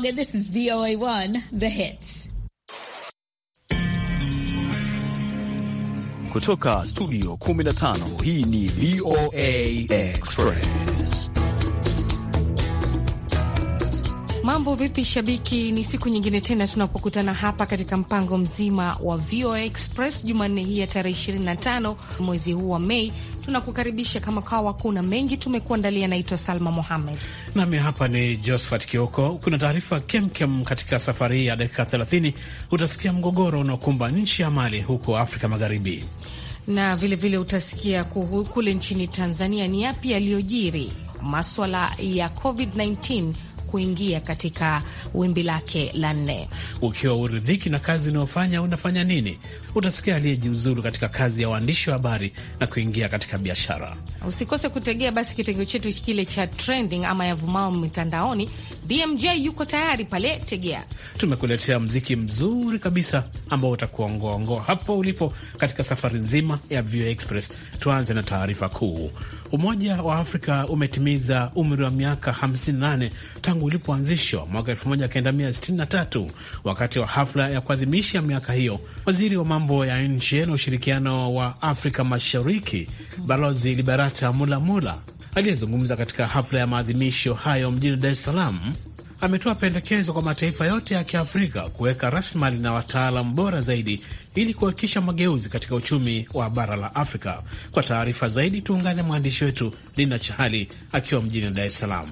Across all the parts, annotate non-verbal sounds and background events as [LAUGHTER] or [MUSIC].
This is VOA 1, the hits. Kutoka studio 15 hii ni VOA Express. Mambo vipi shabiki, ni siku nyingine tena tunapokutana hapa katika mpango mzima wa VOA Express Jumanne hii ya tarehe 25 mwezi huu wa Mei tunakukaribisha kama kawa. Kuna mengi tumekuandalia. Naitwa Salma Mohamed nami hapa ni Josphat Kioko. Kuna taarifa kemkem katika safari ya dakika 30. Utasikia mgogoro unaokumba nchi ya Mali huko Afrika Magharibi, na vilevile vile utasikia kuhu, kule nchini Tanzania ni yapi yaliyojiri maswala ya COVID-19 kuingia katika wimbi lake la nne. Ukiwa uridhiki na kazi unayofanya unafanya nini? Utasikia aliyejiuzulu katika kazi ya waandishi wa habari na kuingia katika biashara. Usikose kutegea basi kitengo chetu kile cha trending ama yavumao mitandaoni BMJ yuko tayari pale Tegea. Tumekuletea mziki mzuri kabisa ambao utakuongoongoa hapo ulipo katika safari nzima ya VOA Express. Tuanze na taarifa kuu. Umoja wa Afrika umetimiza umri wa miaka 58 tangu ulipoanzishwa mwaka 1963. Wakati wa hafla ya kuadhimisha miaka hiyo, waziri wa mambo ya nje na ushirikiano wa Afrika Mashariki Balozi Liberata Mulamula aliyezungumza katika hafla ya maadhimisho hayo mjini Dar es Salaam ametoa pendekezo kwa mataifa yote ya Kiafrika kuweka rasilimali na wataalam bora zaidi ili kuhakikisha mageuzi katika uchumi wa bara la Afrika. Kwa taarifa zaidi, tuungane mwandishi wetu Linda Chahali akiwa mjini Dar es Salaam.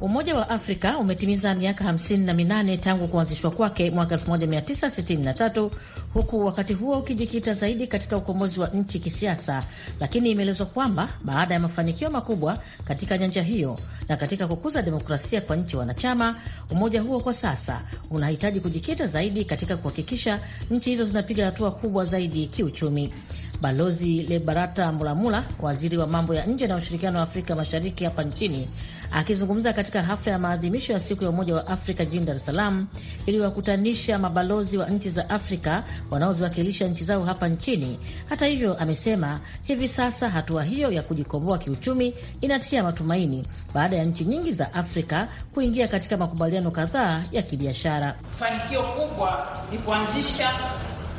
Umoja wa Afrika umetimiza miaka 58 tangu kuanzishwa kwake mwaka 1963 huku wakati huo ukijikita zaidi katika ukombozi wa nchi kisiasa, lakini imeelezwa kwamba baada ya mafanikio makubwa katika nyanja hiyo na katika kukuza demokrasia kwa nchi wanachama, umoja huo kwa sasa unahitaji kujikita zaidi katika kuhakikisha nchi hizo zinapiga hatua kubwa zaidi kiuchumi. Balozi Lebarata Mulamula, waziri wa mambo ya nje na ushirikiano wa Afrika Mashariki hapa nchini, Akizungumza katika hafla ya maadhimisho ya siku ya Umoja wa Afrika jijini Dar es Salaam iliyowakutanisha mabalozi wa nchi za Afrika wanaoziwakilisha nchi zao hapa nchini. Hata hivyo, amesema hivi sasa hatua hiyo ya kujikomboa kiuchumi inatia matumaini baada ya nchi nyingi za Afrika kuingia katika makubaliano kadhaa ya kibiashara. Fanikio kubwa ni kuanzisha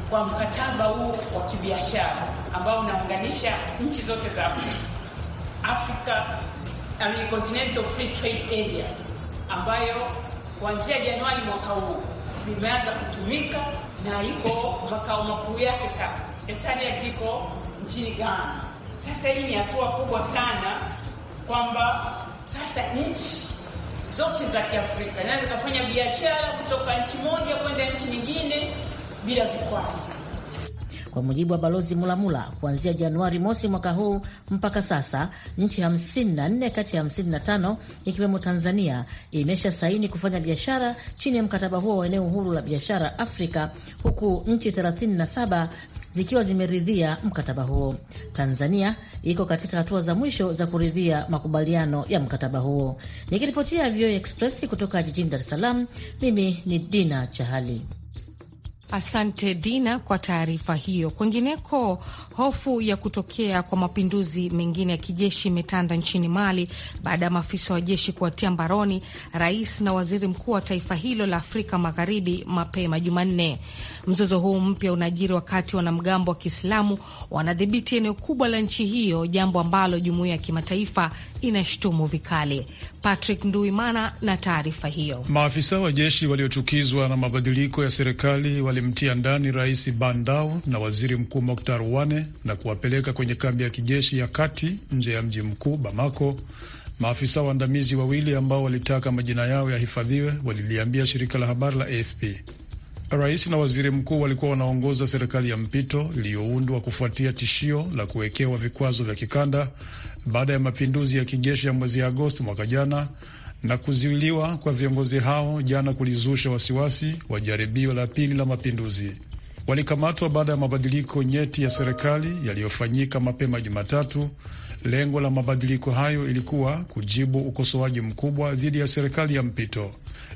kwa mkataba huu wa kibiashara ambao unaunganisha nchi zote za Afrika, Afrika Amini Continental Free Trade Area ambayo kuanzia Januari mwaka huu limeanza kutumika na iko makao makuu yake sasa, sekretariati iko nchini Ghana. Sasa hii ni hatua kubwa sana kwamba sasa nchi zote za Kiafrika zinaweza kufanya biashara kutoka nchi moja kwenda nchi nyingine bila vikwazo. Kwa mujibu wa balozi Mulamula, kuanzia Januari mosi mwaka huu mpaka sasa nchi 54 kati ya 55 ikiwemo Tanzania imesha saini kufanya biashara chini ya mkataba huo wa eneo huru la biashara Afrika, huku nchi 37 zikiwa zimeridhia mkataba huo. Tanzania iko katika hatua za mwisho za kuridhia makubaliano ya mkataba huo. Nikiripotia VOA Express kutoka jijini Dar es Salaam, mimi ni Dina Chahali. Asante Dina kwa taarifa hiyo. Kwengineko, hofu ya kutokea kwa mapinduzi mengine ya kijeshi imetanda nchini Mali baada ya maafisa wa jeshi kuwatia mbaroni rais na waziri mkuu wa taifa hilo la Afrika Magharibi mapema Jumanne. Mzozo huu mpya unajiri wakati wanamgambo wa Kiislamu wanadhibiti eneo kubwa la nchi hiyo, jambo ambalo jumuiya ya kimataifa inashutumu vikali. Patrick Nduimana na taarifa hiyo. Maafisa wa jeshi waliochukizwa na mabadiliko ya serikali walimtia ndani Rais Bandao na Waziri Mkuu Moktar Wane na kuwapeleka kwenye kambi ya kijeshi ya kati nje ya mji mkuu Bamako. Maafisa waandamizi wawili ambao walitaka majina yao yahifadhiwe waliliambia shirika la habari la AFP. Rais na waziri mkuu walikuwa wanaongoza serikali ya mpito iliyoundwa kufuatia tishio la kuwekewa vikwazo vya kikanda baada ya mapinduzi ya kijeshi ya mwezi Agosti mwaka jana, na kuzuiliwa kwa viongozi hao jana kulizusha wasiwasi wa jaribio la pili la mapinduzi. Walikamatwa baada ya mabadiliko nyeti ya serikali yaliyofanyika mapema Jumatatu. Lengo la mabadiliko hayo ilikuwa kujibu ukosoaji mkubwa dhidi ya serikali ya mpito.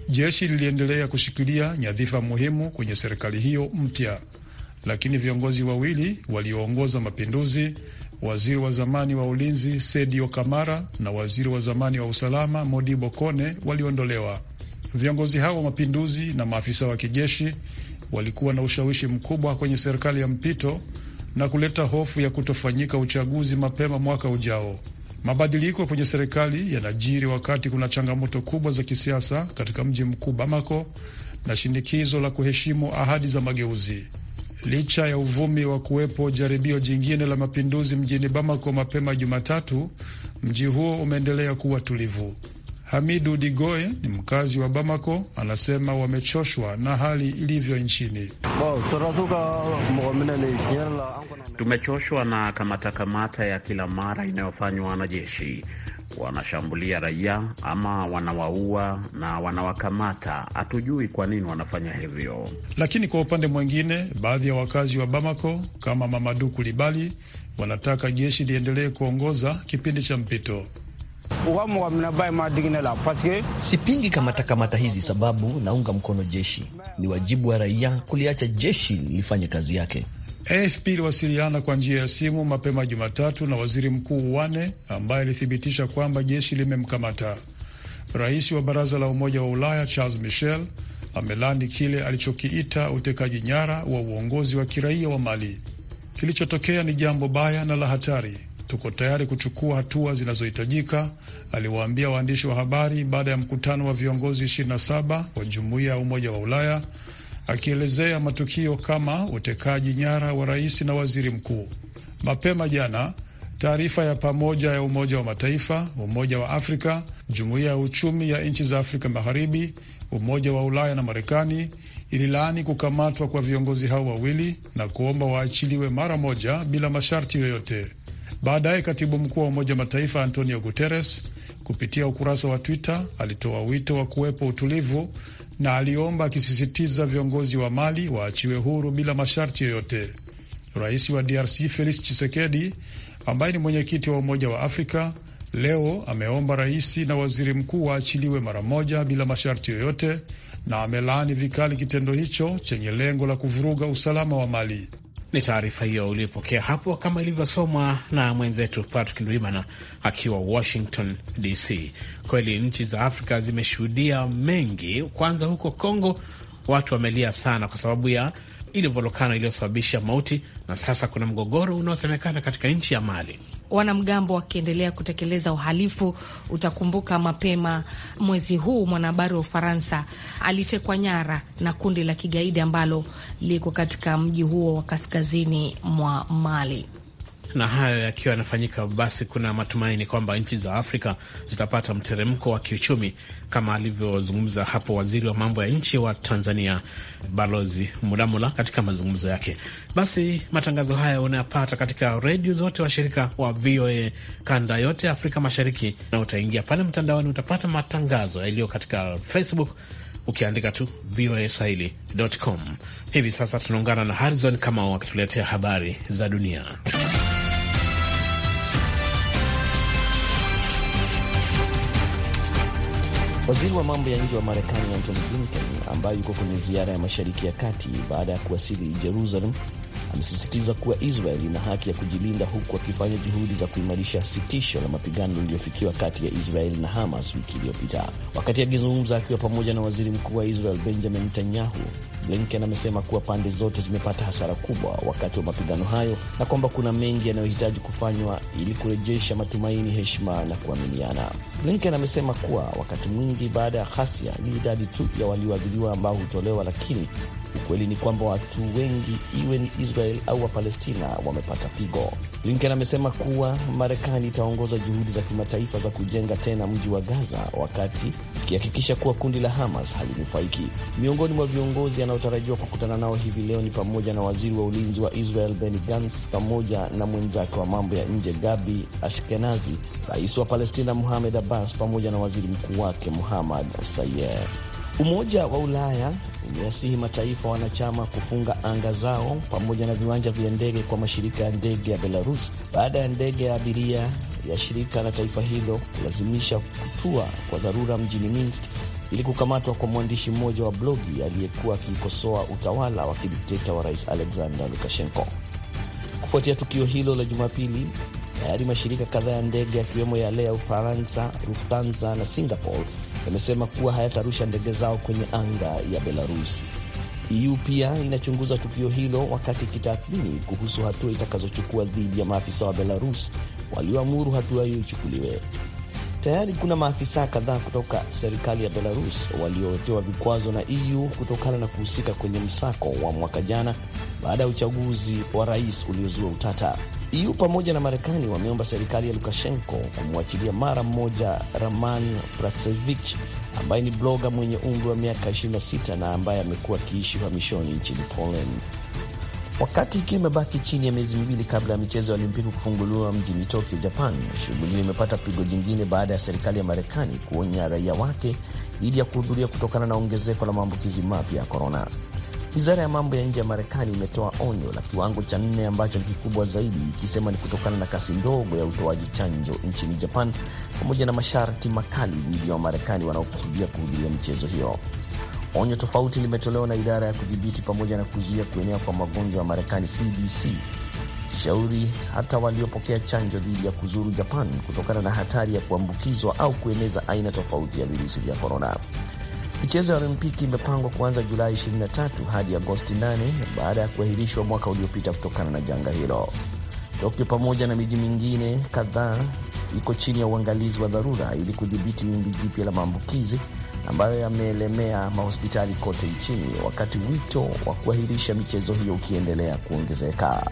Jeshi liliendelea kushikilia nyadhifa muhimu kwenye serikali hiyo mpya, lakini viongozi wawili walioongoza mapinduzi, waziri wa zamani wa ulinzi Sedio Kamara na waziri wa zamani wa usalama Modibo Kone, waliondolewa. Viongozi hao wa mapinduzi na maafisa wa kijeshi walikuwa na ushawishi mkubwa kwenye serikali ya mpito na kuleta hofu ya kutofanyika uchaguzi mapema mwaka ujao. Mabadiliko kwenye serikali yanajiri wakati kuna changamoto kubwa za kisiasa katika mji mkuu Bamako na shinikizo la kuheshimu ahadi za mageuzi. Licha ya uvumi wa kuwepo jaribio jingine la mapinduzi mjini Bamako mapema Jumatatu, mji huo umeendelea kuwa tulivu. Hamidu Digoe ni mkazi wa Bamako, anasema wamechoshwa na hali ilivyo nchini. Tumechoshwa na kamatakamata ya kila mara inayofanywa wanajeshi wanashambulia raia ama wanawaua na wanawakamata. Hatujui kwa nini wanafanya hivyo. Lakini kwa upande mwingine, baadhi ya wakazi wa Bamako kama Mamadu Kulibali wanataka jeshi liendelee kuongoza kipindi cha mpito. Sipingi ka mɔgɔ kamatakamata hizi, sababu naunga mkono jeshi. Ni wajibu wa raia kuliacha jeshi lifanye kazi yake. AFP iliwasiliana kwa njia ya simu mapema Jumatatu na waziri mkuu Wane ambaye alithibitisha kwamba jeshi limemkamata. Rais wa baraza la Umoja wa Ulaya Charles Michel amelani kile alichokiita utekaji nyara wa uongozi wa kiraia wa Mali. Kilichotokea ni jambo baya na la hatari tuko tayari kuchukua hatua zinazohitajika, aliwaambia waandishi wa habari baada ya mkutano wa viongozi 27 wa jumuiya ya Umoja wa Ulaya, akielezea matukio kama utekaji nyara wa rais na waziri mkuu. Mapema jana taarifa ya pamoja ya Umoja wa Mataifa, Umoja wa Afrika, Jumuiya ya Uchumi ya Nchi za Afrika Magharibi, Umoja wa Ulaya na Marekani ililaani kukamatwa kwa viongozi hao wawili na kuomba waachiliwe mara moja bila masharti yoyote. Baadaye katibu mkuu wa Umoja Mataifa Antonio Guterres kupitia ukurasa wa Twitter alitoa wito wa kuwepo utulivu na aliomba akisisitiza viongozi wa Mali waachiwe huru bila masharti yoyote. Rais wa DRC Felix Tshisekedi ambaye ni mwenyekiti wa Umoja wa Afrika leo ameomba rais na waziri mkuu waachiliwe mara moja bila masharti yoyote, na amelaani vikali kitendo hicho chenye lengo la kuvuruga usalama wa Mali. Ni taarifa hiyo uliyopokea hapo, kama ilivyosomwa na mwenzetu Patrick Ndwimana akiwa Washington DC. Kweli nchi za Afrika zimeshuhudia mengi. Kwanza huko congo watu wamelia sana kwa sababu ya ile volokano iliyosababisha mauti, na sasa kuna mgogoro unaosemekana katika nchi ya Mali wanamgambo wakiendelea kutekeleza uhalifu. Utakumbuka mapema mwezi huu mwanahabari wa Ufaransa alitekwa nyara na kundi la kigaidi ambalo liko katika mji huo wa kaskazini mwa Mali na hayo yakiwa yanafanyika, basi kuna matumaini kwamba nchi za Afrika zitapata mteremko wa kiuchumi kama alivyozungumza hapo waziri wa mambo ya nchi wa Tanzania Balozi Mudamula katika mazungumzo yake. Basi matangazo haya unayapata katika redio zote washirika wa VOA kanda yote Afrika Mashariki, na utaingia pale mtandaoni utapata matangazo yaliyo katika Facebook ukiandika tu VOA Swahili.com. Hivi sasa tunaungana na Harrison Kamau akituletea habari za dunia. Waziri wa mambo ya nje wa Marekani Antony Blinken, ambaye yuko kwenye ziara ya Mashariki ya Kati baada ya kuwasili Jerusalem, amesisitiza kuwa Israel ina haki ya kujilinda huku akifanya juhudi za kuimarisha sitisho la mapigano liliyofikiwa kati ya Israel na Hamas wiki iliyopita. Wakati akizungumza akiwa pamoja na waziri mkuu wa Israel Benjamin Netanyahu, Blinken amesema kuwa pande zote zimepata hasara kubwa wakati wa mapigano hayo na kwamba kuna mengi yanayohitaji kufanywa ili kurejesha matumaini, heshima na kuaminiana. Blinken amesema kuwa wakati mwingi baada ya ghasia ni idadi tu ya walioadhiriwa ambao hutolewa, lakini ukweli ni kwamba watu wengi, iwe ni Israel au Wapalestina, wamepata pigo. Blinken amesema kuwa Marekani itaongoza juhudi za kimataifa za kujenga tena mji wa Gaza, wakati ikihakikisha kuwa kundi la Hamas halinufaiki. Miongoni mwa viongozi anao wanaotarajiwa kukutana nao hivi leo ni pamoja na waziri wa ulinzi wa Israel Benny Gantz pamoja na mwenzake wa mambo ya nje Gabi Ashkenazi, rais wa Palestina Muhamed Abbas pamoja na waziri mkuu wake Muhammad Sayer. Umoja wa Ulaya umeasihi mataifa wanachama kufunga anga zao pamoja na viwanja vya ndege kwa mashirika ya ndege ya Belarus baada ya ndege ya abiria ya shirika la taifa hilo kulazimisha kutua kwa dharura mjini Minsk ili kukamatwa kwa mwandishi mmoja wa blogi aliyekuwa akiikosoa utawala wa kidikteta wa Rais Alexander Lukashenko. Kufuatia tukio hilo la Jumapili, tayari mashirika kadhaa ya ndege yakiwemo yale ya Ufaransa, Lufthansa na Singapore yamesema kuwa hayatarusha ndege zao kwenye anga ya Belarus. EU pia inachunguza tukio hilo wakati ikitathmini kuhusu hatua itakazochukua dhidi ya maafisa wa Belarus walioamuru hatua hiyo ichukuliwe. Tayari kuna maafisa kadhaa kutoka serikali ya Belarus waliowekewa vikwazo na EU kutokana na kuhusika kwenye msako wa mwaka jana baada ya uchaguzi wa rais uliozua utata. EU pamoja na Marekani wameomba serikali ya Lukashenko kumwachilia mara mmoja Raman Pratsevich ambaye ni bloga mwenye umri wa miaka 26 na ambaye amekuwa akiishi uhamishoni nchini Poland. Wakati ikiwa imebaki chini ya miezi miwili kabla ya michezo ya Olimpiki kufunguliwa mjini Tokyo, Japan, shughuli hiyo imepata pigo jingine baada ya serikali ya Marekani kuonya raia wake dhidi ya kuhudhuria kutokana na ongezeko la maambukizi mapya ya korona. Wizara ya mambo ya nje ya Marekani imetoa onyo la kiwango cha nne ambacho ni kikubwa zaidi, ikisema ni kutokana na kasi ndogo ya utoaji chanjo nchini Japan pamoja na masharti makali dhidi ya Wamarekani wanaokusudia kuhudhuria michezo hiyo. Onyo tofauti limetolewa na idara ya kudhibiti pamoja na kuzuia kuenea kwa magonjwa ya Marekani, CDC, shauri hata waliopokea chanjo dhidi ya kuzuru Japan kutokana na hatari ya kuambukizwa au kueneza aina tofauti ya virusi vya korona. Michezo ya Olimpiki imepangwa kuanza Julai 23 hadi Agosti 8 baada ya kuahirishwa mwaka uliopita kutokana na janga hilo. Tokyo pamoja na miji mingine kadhaa iko chini ya uangalizi wa dharura ili kudhibiti wimbi jipya la maambukizi ambayo yameelemea mahospitali kote nchini, wakati wito wa kuahirisha michezo hiyo ukiendelea kuongezeka.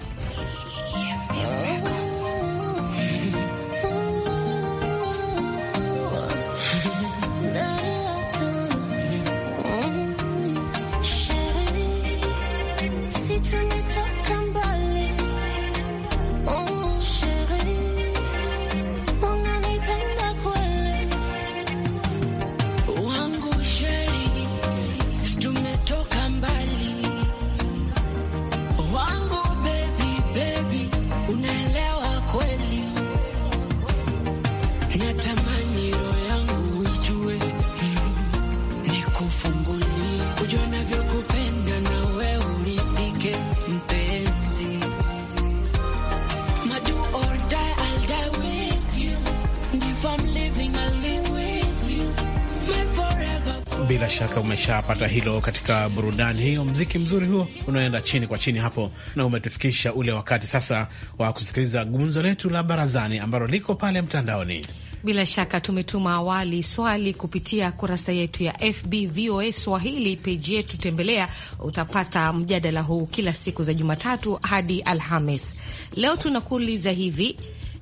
shaka umeshapata hilo katika burudani hiyo. Mziki mzuri huo unaoenda chini kwa chini hapo, na umetufikisha ule wakati sasa wa kusikiliza gumzo letu la barazani ambalo liko pale mtandaoni. Bila shaka tumetuma awali swali kupitia kurasa yetu ya FB VOA Swahili, peji yetu, tembelea, utapata mjadala huu kila siku za Jumatatu hadi Alhamis. Leo tunakuuliza hivi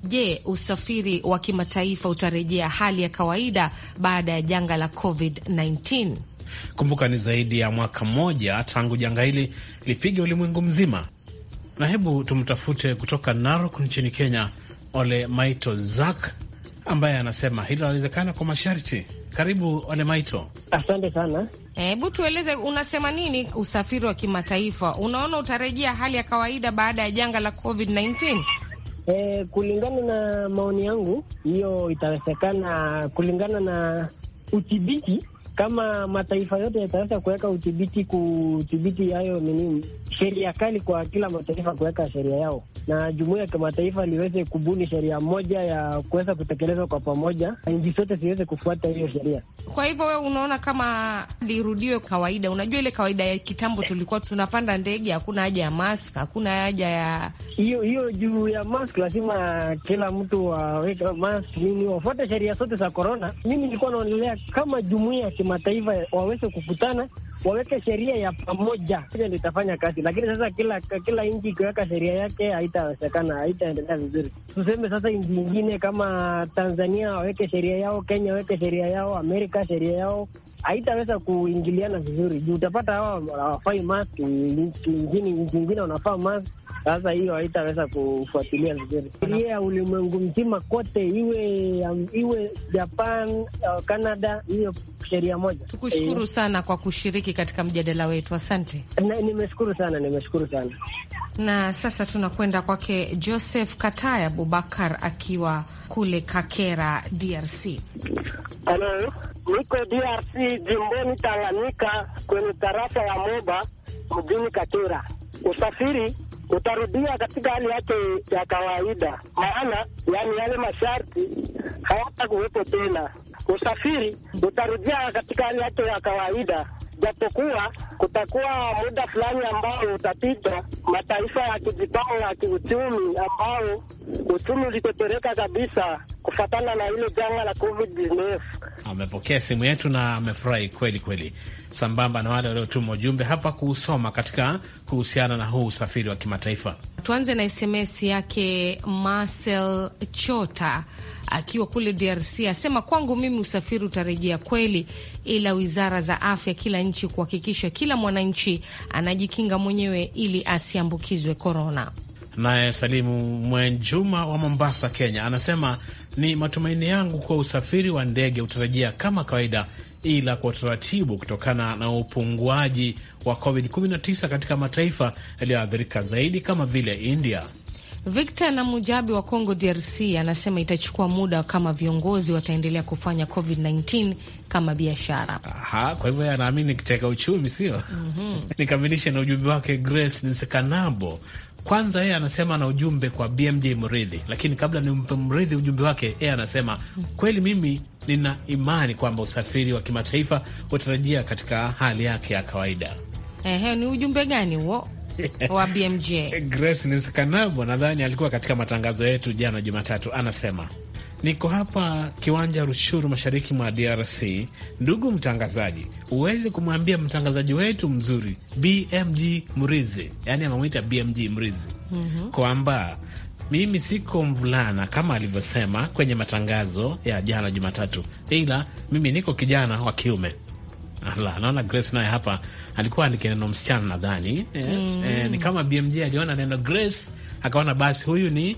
Je, usafiri wa kimataifa utarejea hali ya kawaida baada ya janga la COVID-19? Kumbuka ni zaidi ya mwaka mmoja tangu janga hili lipiga ulimwengu mzima. Na hebu tumtafute kutoka Narok nchini Kenya, Ole Maito Zak ambaye anasema hilo linawezekana kwa masharti. Karibu Ole Maito. Asante sana. Hebu tueleze unasema nini? Usafiri wa kimataifa unaona utarejea hali ya kawaida baada ya janga la COVID-19? Eh, kulingana na maoni yangu hiyo itawezekana kulingana na udhibiti kama mataifa yote yataweza kuweka udhibiti, kudhibiti hayo nini, sheria kali kwa kila mataifa kuweka sheria yao, na jumuia ya kimataifa liweze kubuni sheria moja ya kuweza kutekelezwa kwa pamoja, nchi zote ziweze kufuata hiyo sheria. Kwa hivyo wewe unaona kama lirudiwe kawaida? Unajua ile kawaida ya kitambo, tulikuwa tunapanda ndege, hakuna haja ya mask, hakuna haja ya hiyo hiyo juu ya mask. Lazima kila mtu waweke mask nini, wafuate sheria zote za korona. Mimi nilikuwa naonelea kama jumuia kimataifa waweze kukutana, waweke sheria ya pamoja, hiyo ndio itafanya kazi. Lakini sasa kila kila nchi ikiweka sheria yake haitawezekana, haitaendelea vizuri. Tuseme sasa nchi nyingine kama Tanzania waweke sheria yao, Kenya waweke sheria yao, Amerika sheria yao haitaweza kuingiliana vizuri juu utapata hawa hawafai mask, nchi ingine wanafaa mask. Sasa hiyo haitaweza kufuatilia vizuri sheria ya ulimwengu mzima kote, iwe um, iwe Japan uh, Canada, hiyo sheria moja. Tukushukuru e, sana kwa kushiriki katika mjadala wetu, asante. Nimeshukuru sana, nimeshukuru sana. Na sasa tunakwenda kwake Joseph Kataya Abubakar akiwa kule Kakera, DRC. Halo, niko DRC jimboni Tanganyika, kwenye tarafa ya Moba mjini Kakera. Usafiri utarudia katika hali yake ya kawaida, maana yani yale masharti hawatakuwepo tena. Usafiri utarudia katika hali yake ya kawaida japokuwa kutakuwa muda fulani ambao utapita, mataifa ya kijipanga ya kiuchumi, ambao uchumi ulitetereka kabisa kufatana na ile janga la COVID-19. Amepokea ah, simu yetu na amefurahi kweli kweli, sambamba na wale waliotuma ujumbe hapa kuusoma katika kuhusiana na huu usafiri wa kimataifa. Tuanze na SMS yake Marcel Chota akiwa kule DRC asema, kwangu mimi usafiri utarejea kweli, ila wizara za afya kila nchi kuhakikisha kila mwananchi anajikinga mwenyewe ili asiambukizwe korona. Naye Salimu Mwenjuma wa Mombasa, Kenya anasema ni matumaini yangu kuwa usafiri wa ndege utarajia kama kawaida, ila kwa utaratibu, kutokana na upunguaji wa COVID-19 katika mataifa yaliyoathirika zaidi kama vile India. Victor na Mujabi wa Congo DRC anasema itachukua muda kama viongozi wataendelea kufanya COVID-19 kama biashara. Aha, kwa hivyo anaamini kiteka uchumi, sio? mm -hmm. Nikamilishe na ujumbe wake Grace Nsekanabo kwanza yeye anasema na ujumbe kwa BMJ Mridhi, lakini kabla nimpe Mridhi ujumbe wake, yeye anasema kweli, mimi nina imani kwamba usafiri wa kimataifa utarajia katika hali yake ya kawaida. Ehe, ni ujumbe gani huo? [LAUGHS] wa BMJ Grace Nisikanabo nadhani alikuwa katika matangazo yetu jana Jumatatu, anasema Niko hapa kiwanja Rushuru, mashariki mwa DRC. Ndugu mtangazaji, uwezi kumwambia mtangazaji wetu mzuri BMG Mrizi, yaani anamwita BMG Mrizi mm -hmm. kwamba mimi siko mvulana kama alivyosema kwenye matangazo ya jana Jumatatu, ila mimi niko kijana wa kiume. Naona Grace naye hapa alikuwa nikineno msichana nadhani, eh, mm. e, ni kama BMG aliona neno Grace akaona basi huyu ni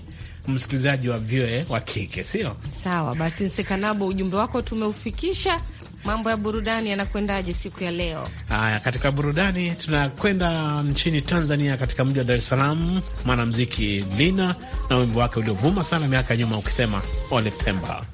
msikilizaji wa VOA wa kike, sio sawa? Basi Nsekanabo, ujumbe wako tumeufikisha. Mambo ya burudani yanakwendaje siku ya leo? Haya, katika burudani tunakwenda nchini Tanzania, katika mji wa Dar es Salaam, Lina na wimbo wake uliovuma sana miaka ya nyuma ukisema Ole Temba.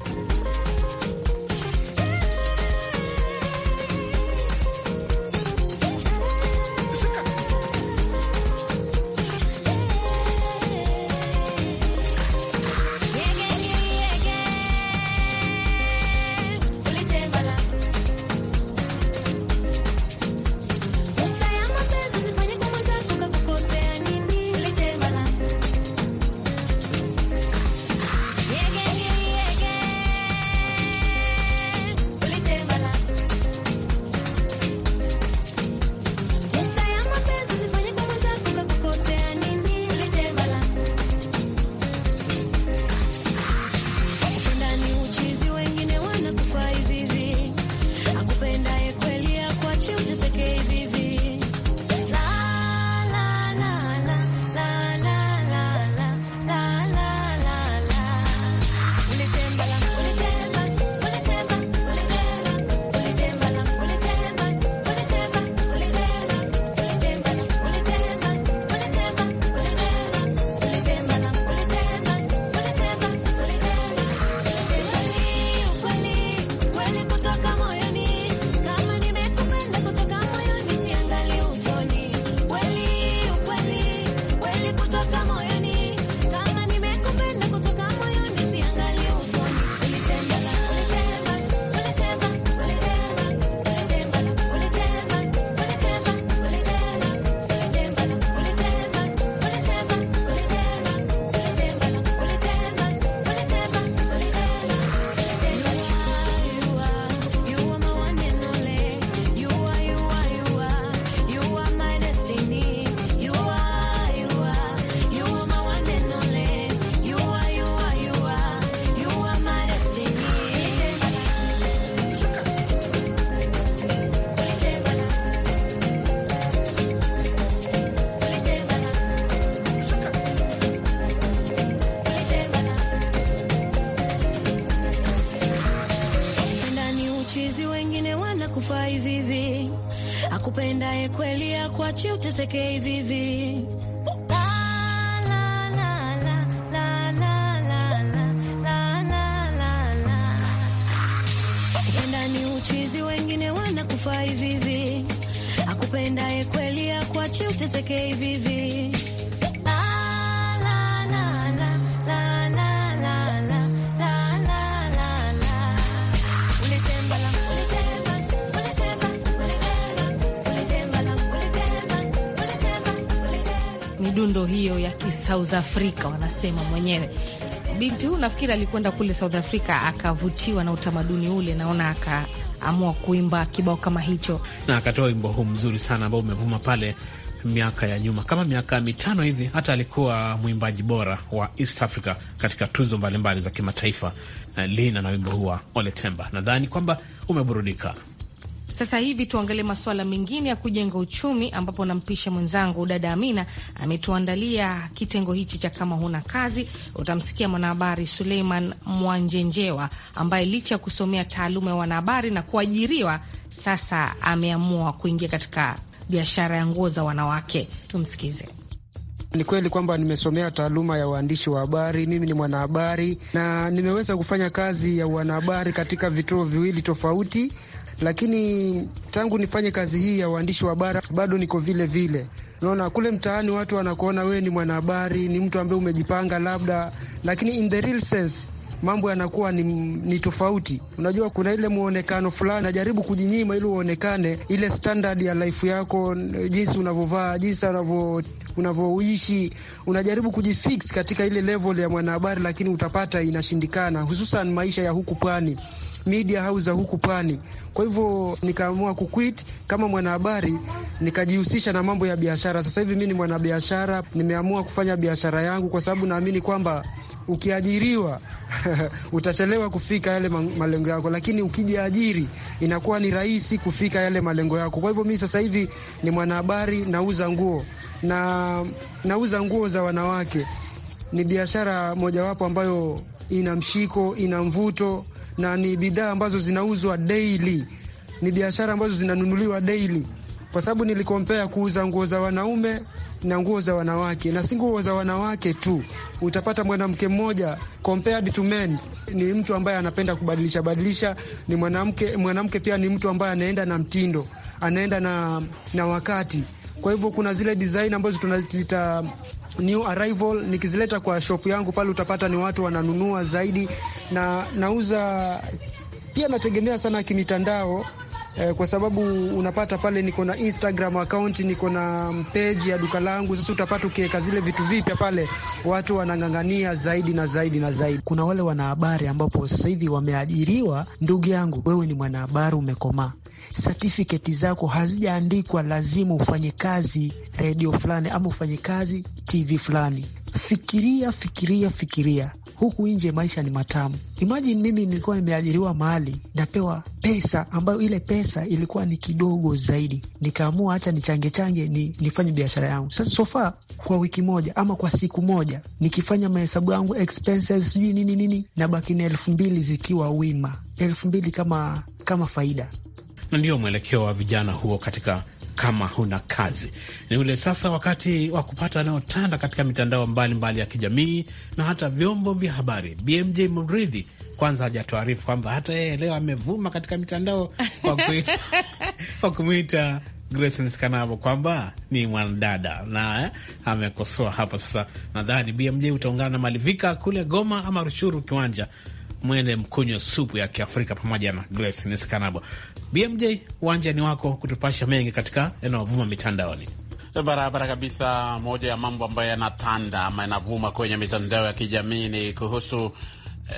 ndani ni uchizi, wengine wanakufa hivi hivi. Akupendaye kweli akuache uteseke hivi hivi. Midundo hiyo ya kisouth Africa wanasema mwenyewe binti huyu nafikiri alikwenda kule South Africa akavutiwa na utamaduni ule, naona akaamua kuimba kibao kama hicho, na akatoa wimbo huu mzuri sana ambao umevuma pale miaka ya nyuma kama miaka mitano hivi. Hata alikuwa mwimbaji bora wa East Africa katika tuzo mbalimbali za kimataifa, Lina na wimbo huu wa Ole Temba. Nadhani kwamba umeburudika. Sasa hivi tuangalie masuala mengine ya kujenga uchumi, ambapo nampisha mwenzangu dada Amina ametuandalia kitengo hichi cha kama huna kazi. Utamsikia mwanahabari Suleiman Mwanjenjewa ambaye licha ya kusomea taaluma ya wanahabari na kuajiriwa, sasa ameamua kuingia katika biashara ya nguo za wanawake. Tumsikize. Ni kweli kwamba nimesomea taaluma ya waandishi wa habari. Mimi ni mwanahabari na nimeweza kufanya kazi ya wanahabari katika vituo viwili tofauti lakini tangu nifanye kazi hii ya uandishi wa habari bado niko vile vile. Naona kule mtaani watu wanakuona wewe ni mwanahabari, ni mtu ambaye umejipanga labda, lakini in the real sense mambo yanakuwa ni, ni tofauti. Unajua, kuna ile mwonekano fulani, najaribu kujinyima ili uonekane ile standard ya life yako, jinsi unavyovaa, jinsi unavyoishi, unajaribu kujifix katika ile level ya mwanahabari, lakini utapata inashindikana, hususan maisha ya huku pwani media house za huku pwani. Kwa hivyo nikaamua kukwit kama mwanahabari, nikajihusisha na mambo ya biashara. Sasa hivi mi ni mwanabiashara, nimeamua kufanya biashara yangu kwa sababu naamini kwamba ukiajiriwa [LAUGHS] utachelewa kufika yale malengo yako, lakini ukijiajiri inakuwa ni rahisi kufika yale malengo yako. Kwa hivyo mi sasa hivi ni mwanahabari, nauza nguo na nauza nguo za wanawake. Ni biashara mojawapo ambayo ina mshiko, ina mvuto na ni bidhaa ambazo zinauzwa daily, ni biashara ambazo zinanunuliwa daily, kwa sababu nilikompea kuuza nguo za wanaume na nguo za wanawake, na si nguo za wanawake tu. Utapata mwanamke mmoja compared to men ni mtu ambaye anapenda kubadilisha badilisha, ni mwanamke. Mwanamke pia ni mtu ambaye anaenda na mtindo, anaenda na, na wakati. Kwa hivyo kuna zile design ambazo tunazita new arrival nikizileta kwa shop yangu pale, utapata ni watu wananunua zaidi, na nauza pia, nategemea sana kimitandao eh, kwa sababu unapata pale niko na Instagram account, niko na page ya duka langu. Sasa utapata ukiweka zile vitu vipya pale, watu wanang'ang'ania zaidi na zaidi na zaidi. Kuna wale wanahabari ambapo sasa hivi wameajiriwa. Ndugu yangu, wewe ni mwanahabari umekomaa certificate zako hazijaandikwa lazima ufanye kazi redio fulani ama ufanye kazi TV fulani. Fikiria, fikiria, fikiria. Huku nje maisha ni matamu. Imajini mimi nilikuwa nimeajiriwa mahali napewa pesa ambayo ile pesa ilikuwa ni kidogo zaidi, nikaamua hacha nichange change ni, nifanye biashara yangu. Sasa sofa kwa wiki moja ama kwa siku moja nikifanya mahesabu yangu expenses, sijui nini nini, nabaki baki na elfu mbili zikiwa wima, elfu mbili kama kama faida na ndio mwelekeo wa vijana huo katika kama huna kazi ni ule sasa wakati wa kupata anayotanda katika mitandao mbalimbali mbali ya kijamii na hata vyombo vya habari. BMJ Mridhi kwanza hajatuarifu kwamba hata yeye leo amevuma katika mitandao kwa kumwita [LAUGHS] Grace Kanavo kwamba ni mwanadada na eh, amekosoa hapo. Sasa nadhani BMJ utaungana na Malivika kule Goma ama Rushuru kiwanja mwende mkunywe supu ya Kiafrika pamoja na Grace BMJ, uwanja ni wako kutupasha mengi katika yanayovuma mitandaoni. Barabara kabisa. Moja ya mambo ambayo yanatanda ama yanavuma kwenye mitandao ya kijamii ni kuhusu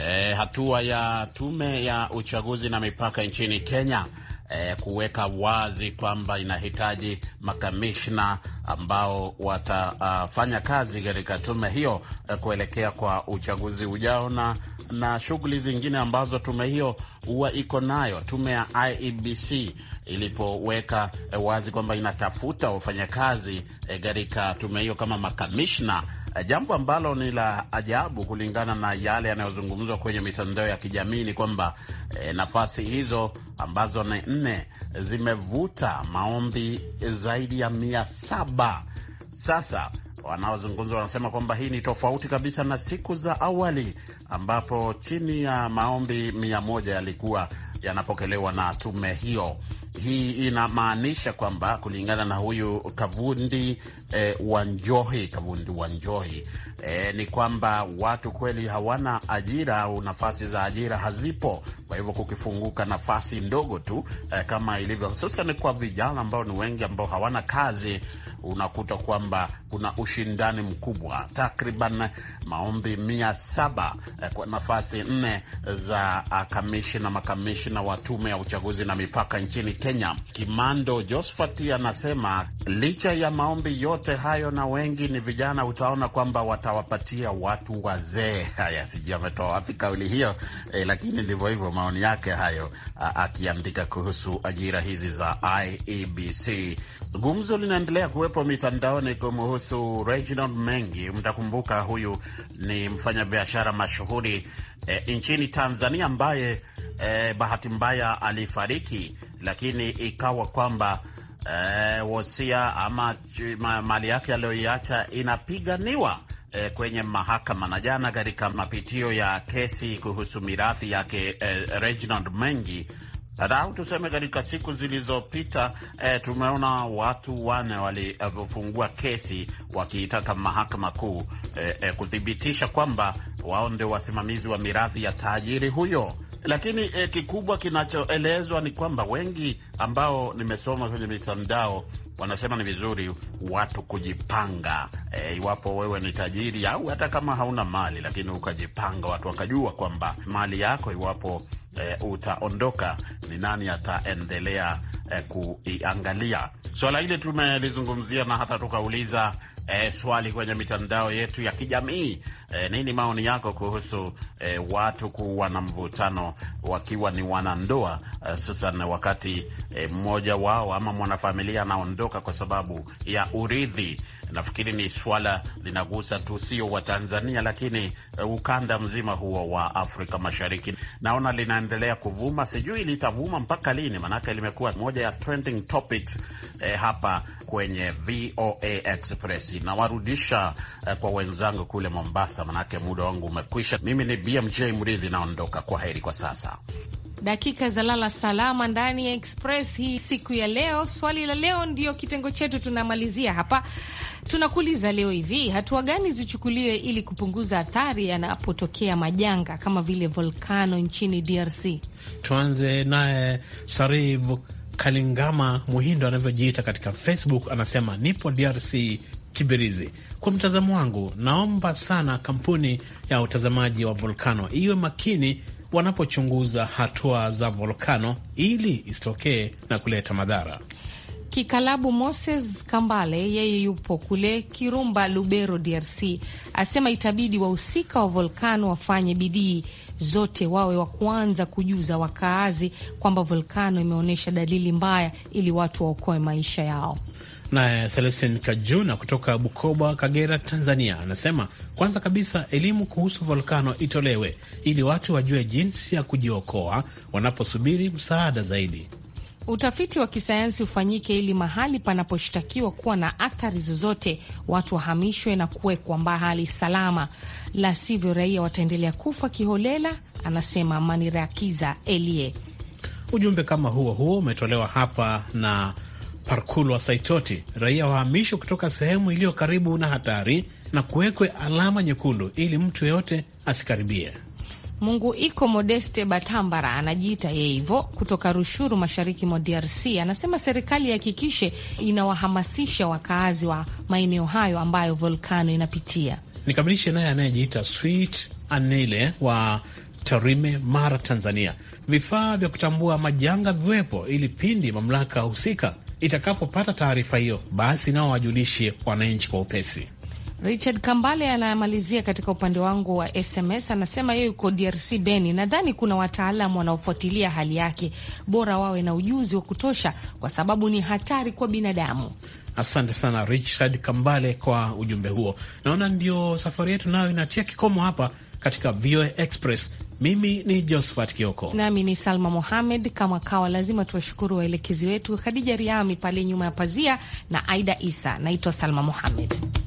eh, hatua ya tume ya uchaguzi na mipaka nchini Kenya eh, kuweka wazi kwamba inahitaji makamishna ambao watafanya uh, kazi katika tume hiyo eh, kuelekea kwa uchaguzi ujao na, na shughuli zingine ambazo tume hiyo huwa iko nayo. Tume ya IEBC ilipoweka eh, wazi kwamba inatafuta wafanyakazi eh, katika eh, tume hiyo kama makamishna Eh, jambo ambalo ni la ajabu kulingana na yale yanayozungumzwa kwenye mitandao ya kijamii ni kwamba e, nafasi hizo ambazo ni nne zimevuta maombi zaidi ya mia saba. Sasa wanaozungumza wanasema kwamba hii ni tofauti kabisa na siku za awali ambapo chini ya maombi mia moja yalikuwa yanapokelewa na tume hiyo hii inamaanisha kwamba kulingana na huyu Kavundi eh, Wanjohi, Kavundi Wanjohi eh, ni kwamba watu kweli hawana ajira au nafasi za ajira hazipo. Kwa hivyo kukifunguka nafasi ndogo tu eh, kama ilivyo sasa, ni kwa vijana ambao ni wengi ambao hawana kazi, unakuta kwamba kuna ushindani mkubwa, takriban maombi mia saba eh, kwa nafasi nne za kamishina, kamishna makamishna wa tume ya uchaguzi na mipaka nchini Kenya Kenya. Kimando Josfati anasema licha ya maombi yote hayo, na wengi ni vijana, utaona kwamba watawapatia watu wazee. [LAUGHS] Haya, sijui ametoa wapi kauli hiyo eh, lakini ndivyo hivyo maoni yake hayo, akiandika kuhusu ajira hizi za IEBC Gumzo linaendelea kuwepo mitandaoni kumhusu Reginald Mengi. Mtakumbuka huyu ni mfanyabiashara mashuhuri e, nchini Tanzania ambaye e, bahati mbaya alifariki, lakini ikawa kwamba e, wosia ama mali yake aliyoiacha inapiganiwa E, kwenye mahakama na jana, katika mapitio ya kesi kuhusu mirathi yake e, Reginald Mengi au tuseme katika siku zilizopita e, tumeona watu wane walivyofungua kesi wakiitaka mahakama kuu e, e, kuthibitisha kwamba wao ndio wasimamizi wa mirathi ya tajiri huyo. Lakini e, kikubwa kinachoelezwa ni kwamba wengi ambao nimesoma kwenye mitandao wanasema ni vizuri watu kujipanga e, iwapo wewe ni tajiri au hata kama hauna mali, lakini ukajipanga, watu wakajua kwamba mali yako iwapo eh, utaondoka, ni nani ataendelea eh, kuiangalia swala so, hili tumelizungumzia na hata tukauliza eh, swali kwenye mitandao yetu ya kijamii eh, nini maoni yako kuhusu eh, watu kuwa na mvutano wakiwa ni wanandoa eh, hususan eh, wakati eh, mmoja wao ama mwanafamilia anaondoka kwa sababu ya urithi nafikiri ni swala linagusa tu sio wa Tanzania, lakini eh, ukanda mzima huo wa Afrika Mashariki. Naona linaendelea kuvuma, sijui litavuma mpaka lini, maanake limekuwa moja ya trending topics eh, hapa kwenye VOA Express. Nawarudisha eh, kwa wenzangu kule Mombasa, manake muda wangu umekwisha. Mimi ni BMJ Mridhi, naondoka. Kwa heri kwa sasa dakika za lala salama ndani ya Express hii siku ya leo. Swali la leo ndio kitengo chetu, tunamalizia hapa. Tunakuuliza leo hivi, hatua gani zichukuliwe ili kupunguza athari yanapotokea majanga kama vile volkano nchini DRC? Tuanze naye Sarivu Kalingama Muhindo anavyojiita katika Facebook, anasema nipo DRC Kibirizi. Kwa mtazamo wangu, naomba sana kampuni ya utazamaji wa volkano iwe makini wanapochunguza hatua za volkano ili isitokee na kuleta madhara. Kikalabu Moses Kambale, yeye yupo kule Kirumba, Lubero, DRC, asema itabidi wahusika wa volkano wafanye bidii zote wawe wa kuanza kujuza wakaazi kwamba volkano imeonyesha dalili mbaya ili watu waokoe maisha yao. Naye Celestin Kajuna kutoka Bukoba, Kagera, Tanzania anasema kwanza kabisa elimu kuhusu volkano itolewe ili watu wajue jinsi ya kujiokoa wanaposubiri msaada zaidi. Utafiti wa kisayansi ufanyike ili mahali panaposhtakiwa kuwa na athari zozote watu wahamishwe na kuwekwa mahali salama, la sivyo raia wataendelea kufa kiholela, anasema Manirakiza Elie. Ujumbe kama huo huo umetolewa hapa na Parkulwa Saitoti, raia wahamishwe kutoka sehemu iliyo karibu na hatari na kuwekwe alama nyekundu ili mtu yeyote asikaribie. Mungu iko Modeste Batambara anajiita yeye hivyo kutoka Rushuru, mashariki mwa DRC, anasema serikali ihakikishe inawahamasisha wakaazi wa maeneo hayo ambayo volkano inapitia. Nikamilishe naye anayejiita Sweet Anile wa Tarime, Mara, Tanzania. Vifaa vya kutambua majanga viwepo ili pindi mamlaka husika itakapopata taarifa hiyo, basi nao wajulishe wananchi kwa upesi. Richard Kambale anamalizia katika upande wangu wa SMS, anasema yeye yuko DRC Beni. Nadhani kuna wataalamu wanaofuatilia hali yake, bora wawe na ujuzi wa kutosha, kwa sababu ni hatari kwa binadamu. Asante sana Richard Kambale kwa ujumbe huo. Naona ndio safari yetu nayo inatia kikomo hapa katika VOA Express. Mimi ni Josephat Kioko, nami ni Salma Mohamed. Kama kawa, lazima tuwashukuru waelekezi wetu Khadija Riami pale nyuma ya pazia na Aida Isa. Naitwa Salma Mohamed.